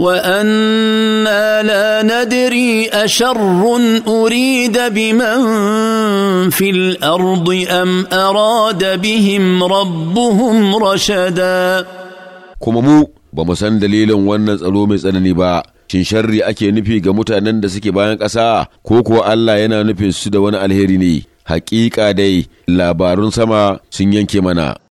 وانا لا ندري اشر اريد بمن في الارض ام اراد بهم ربهم رشدا kuma mu ba mu san dalilin wannan tsaro mai tsanani ba shin sharri ake nufi ga mutanen da suke bayan ƙasa ko kuwa Allah yana nufin su da wani alheri ne Haƙiƙa dai labarun sama sun yanke mana